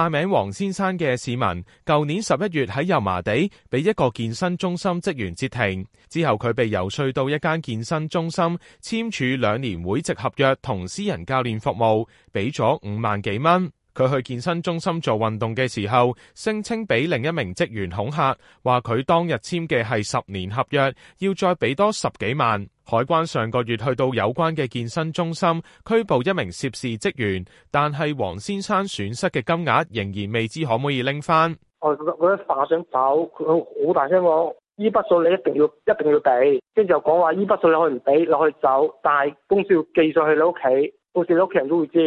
化名黃先生嘅市民，舊年十一月喺油麻地俾一個健身中心職員截停，之後佢被游說到一間健身中心簽署兩年會籍合約同私人教練服務，俾咗五萬幾蚊。佢去健身中心做運動嘅時候，聲稱俾另一名職員恐嚇，話佢當日簽嘅係十年合約，要再俾多十幾萬。海關上個月去到有關嘅健身中心拘捕一名涉事職員，但係黃先生損失嘅金額仍然未知可唔可以拎翻。我我得話想走，佢好大聲講，依筆數你一定要一定要俾。跟住就講話，依筆數你可以唔俾落去走，但係公司要寄上去你屋企，到時你屋企人都會知。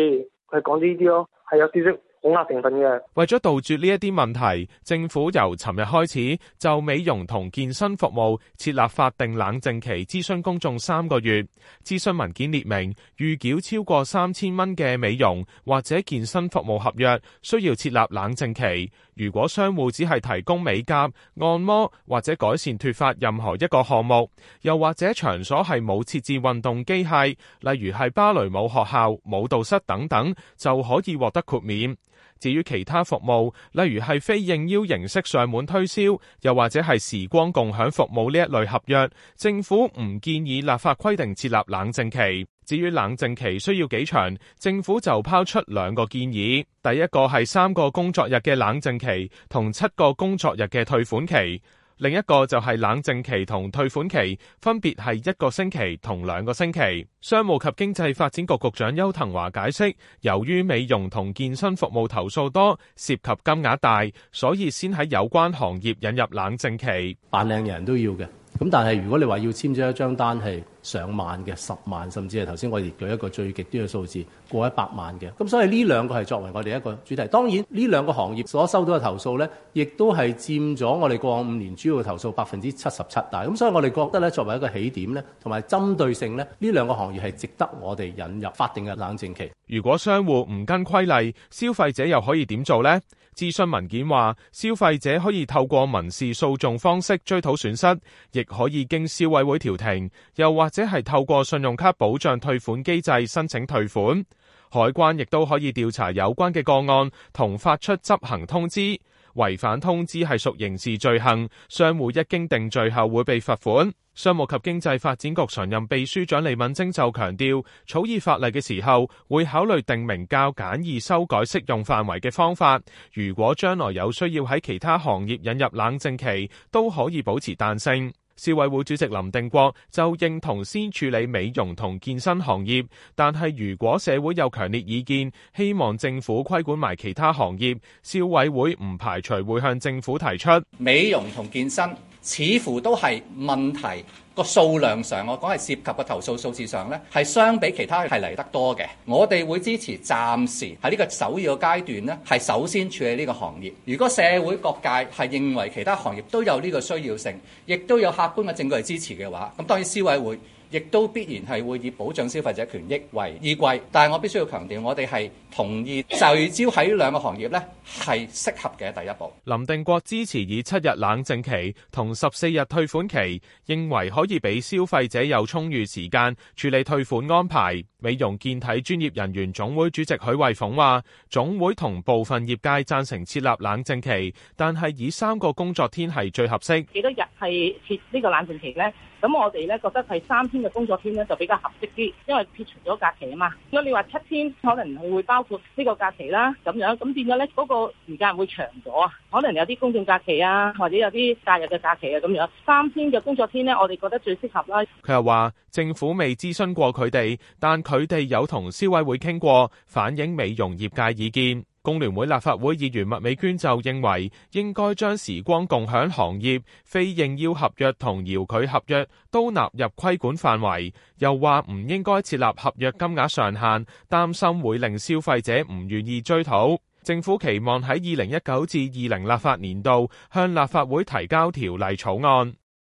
佢講呢啲咯，係有知識。好壓成分嘅。為咗杜絕呢一啲問題，政府由尋日開始就美容同健身服務設立法定冷靜期，諮詢公衆三個月。諮詢文件列明，預繳超過三千蚊嘅美容或者健身服務合約需要設立冷靜期。如果商戶只係提供美甲、按摩或者改善脫髮任何一個項目，又或者場所係冇設置運動機械，例如係芭蕾舞學校、舞蹈室等等，就可以獲得豁免。至於其他服務，例如係非應邀形式上門推銷，又或者係時光共享服務呢一類合約，政府唔建議立法規定設立冷靜期。至於冷靜期需要幾長，政府就拋出兩個建議，第一個係三個工作日嘅冷靜期，同七個工作日嘅退款期。另一個就係冷靜期同退款期分別係一個星期同兩個星期。商務及經濟發展局局長邱騰華解釋，由於美容同健身服務投訴多，涉及金額大，所以先喺有關行業引入冷靜期。扮靚人都要嘅，咁但係如果你話要簽咗一張單，係。上萬嘅、十萬甚至係頭先我哋舉一個最極端嘅數字，過一百萬嘅。咁所以呢兩個係作為我哋一個主題。當然呢兩個行業所收到嘅投訴呢，亦都係佔咗我哋過往五年主要投訴百分之七十七大。咁所以我哋覺得呢作為一個起點呢，同埋針對性呢，呢兩個行業係值得我哋引入法定嘅冷靜期。如果商戶唔跟規例，消費者又可以點做呢？諮詢文件話，消費者可以透過民事訴訟方式追討損失，亦可以經消委會調停，又或，或者係透過信用卡保障退款機制申請退款。海關亦都可以調查有關嘅個案，同發出執行通知。違反通知係屬刑事罪行，商戶一經定罪後會被罰款。商務及經濟發展局常任秘書長李敏貞就強調，草擬法例嘅時候會考慮定明較簡易修改適用範圍嘅方法。如果將來有需要喺其他行業引入冷靜期，都可以保持彈性。消委會主席林定國就認同先處理美容同健身行業，但係如果社會有強烈意見，希望政府規管埋其他行業，消委會唔排除會向政府提出美容同健身。似乎都係問題個數量上，我講係涉及個投訴數字上呢，係相比其他係嚟得多嘅。我哋會支持暫時喺呢個首要嘅階段呢，係首先處理呢個行業。如果社會各界係認為其他行業都有呢個需要性，亦都有客觀嘅證據支持嘅話，咁當然消委會。亦都必然係會以保障消費者權益為依歸，但係我必須要強調我哋係同意聚焦喺兩個行業咧係適合嘅第一步。林定國支持以七日冷靜期同十四日退款期，認為可以俾消費者有充裕時間處理退款安排。美容健體專業人員總會主席許慧鳳話總會同部分業界讚成設立冷靜期，但係以三個工作天係最合適。幾多日？係設呢個冷靜期咧，咁我哋咧覺得係三天嘅工作天咧就比較合適啲，因為撇除咗假期啊嘛。如果你話七天，可能會包括呢個假期啦，咁樣咁變咗咧嗰個時間會長咗啊。可能有啲公眾假期啊，或者有啲假日嘅假期啊咁樣，三天嘅工作天咧，我哋覺得最適合啦。佢又話：政府未諮詢過佢哋，但佢哋有同消委會傾過，反映美容業界意見。工聯會立法會議員麥美娟就認為，應該將時光共享行業、非應邀合約同遙距合約都納入規管範圍，又話唔應該設立合約金額上限，擔心會令消費者唔願意追討。政府期望喺二零一九至二零立法年度向立法會提交條例草案。